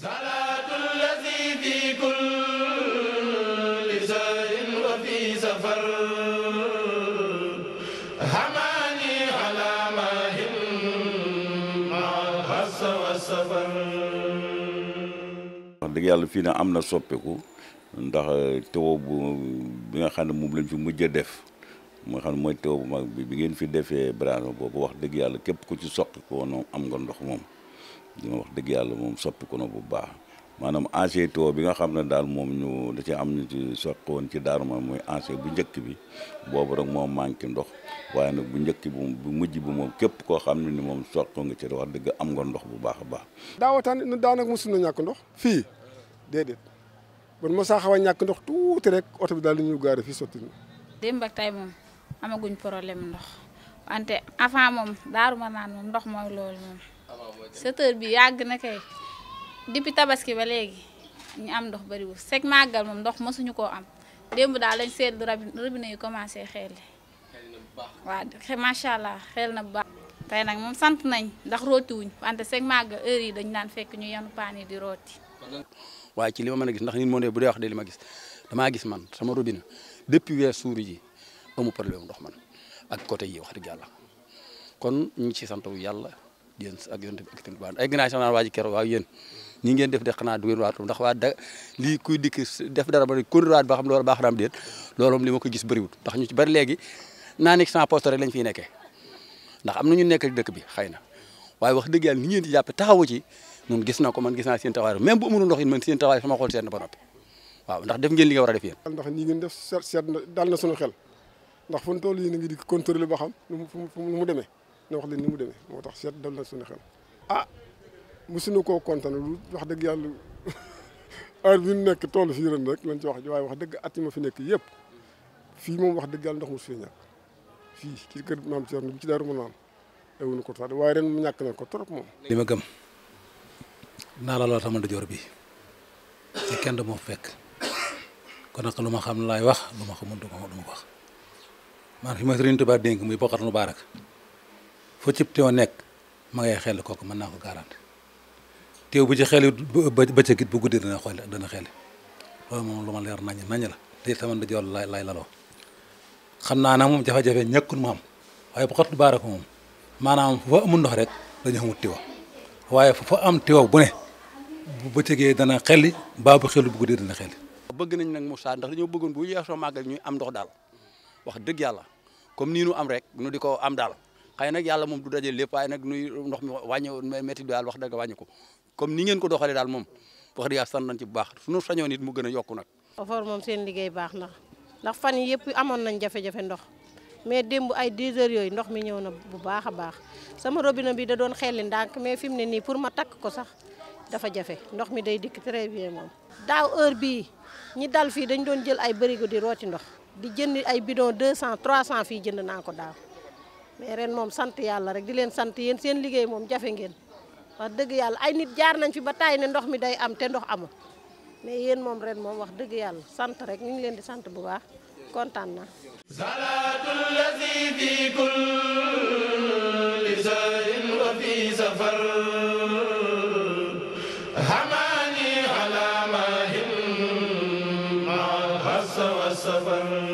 صلاة الذي في كل سهر وفي سفر حماني على ماهن مع الحس والسفر wax dëgg yàlla fii na am na soppeeku ndax taw bu bi nga xam ne moom lañ fi mujj a def moo xam ne mooy taw bu mag bi bi ngeen fi defee branche boobu wax dëgg yàlla képp ku ci soqi ko noonu am nga ndox moom li wax dëgg yàlla moom soppi ko na bu baax maanaam ancien to bi nga xam ne daal moom ñu da ci am ñu ci soqoon ci daaru ma mooy ancien bu njëkk bi boobu rek moom manqué ndox waaye nag bu njëkk bi bu mujj bi moom képp koo xam ne ni moom soq nga ci wax dëgg am nga ndox bu baax a baax daawataan daanaka mosul na ñàkk ndox fii déedéet bon ma saa xaw ñàkk ndox tuuti rek oto bi daal di ñu gaare fii sotti na démb ak tey moom amaguñ problème ndox wante avant moom daaru naan moom ndox mooy loolu moom sëtër bi yàgg na kay depuis tabaski ba léegi ñu am ndox bariwul sek màggal mom ndox mësuñu ko am démb daal lañ seetlu robinet yi commencé xeel waaw macha allah khel na bu baax tey nag moom sant nañ ndax rooti wuñ wante sek màggal heure yi dañ daan fekk ñu yenu paan di rooti waaye ci li ma gis ndax nit moo ne bu dee wax de li gis damaa gis man sama robinet depuis weer suuri ji amu problème ndox man ak côté yi wax dëgg kon ñu ci santu yalla yéen ak yonent bi ak tamit baax ay gannaaw sama naan waa def de xanaa du da lii def dara ba konduwaat ba xam loolu baax na am déet loolu moom li ma ko gis bëriwut ndax ñu ci bari léegi naa nekk sans poste rek lañ ndax am na ñu nekk dëkk bi xëy waaye wax dëgg yàlla ni ngeen di jàppe gis na ko man gis naa seen taxawaay même bu amul ndox it man seen taxawaay sama xool seet na ba noppi waaw ndax def ngeen li nga war a def yéen ndax nii def seet dal na sunu xel ndax fu ñu na wax leen ni mu demee moo tax seet dal na suñu xel ah mosuñu koo kontaan lu wax dëgg yàlla heure bi ñu nekk toolu fii ren rek lañ ci wax waaye wax dëgg at fi nekk yëpp fii moom wax dëgg yàlla ndox mu fi ñàkk fii ci kër maam Thierno bi ci Daaru Manaan ewuñu ko tax waaye ren mu ñàkk ko trop moom. li ma gëm naa la loo xamante joor bi te kenn du ma fekk kon nag lu ma xam laay wax lu ma xam du ma ko wax man fi ma Sëriñ Tuubaa dénk muy bokkatu lu baax rek fu cib teew nekk ma ngay xel mën naa ko garanti teew bu ci xel ba ca git bu guddee dana xool dana xel loolu moom lu ma leer nañ nañ la te sama ndijoor lay lay laloo xam naa nag moom jafe-jafe ñàkkul mu am waaye bu xottu baara ko moom maanaam fu fa amul ndox rek dañu xamul tiwa waaye fu fa am tiwa bu ne bu bëccëgee dana xelli baa bu xelu bu guddee dana xelli bëgg nañ nag Moussa ndax dañoo bëggoon bu yeesoo màggal ñuy am ndox daal wax dëgg yàlla comme nii nu am rek nu di ko am xay nag yàlla moom du daje lépp waaye nag nuy ndox mi wàññi métti daal wax dëgg wàññi ko comme ni ngeen ko doxalee daal moom wax dëgg yàlla sant nañ ci bu baax suñu sañoon nit mu gën a yokku nag OFOR moom seen liggéey baax na ndax fan yi yëpp amoon nañ jafe-jafe ndox mais démb ay 10 heures yooyu ndox mi ñëw na bu baax a baax sama robinet bi da doon xelli ndànk mais fi mu ne nii pour ma takk ko sax dafa jafe ndox mi day dikk très bien moom daaw heure bi ñi dal fii dañ doon jël ay bërigo di rooti ndox di jënd ay bidon 200 300 fii jënd naa ko daaw mais ren moom sant yàlla rek di leen sant yéen seen liggéey moom jafe ngeen wax dëgg yàlla ay nit jaar nañ fi ba taay ne ndox mi day am te ndox amu mais yéen moom ren moom wax dëgg yàlla sant rek ñu leen di sant bu baax kontaan naa salaatul lazi fi kulli sahrin wa fi safar hamani ala mahim ma al wa safar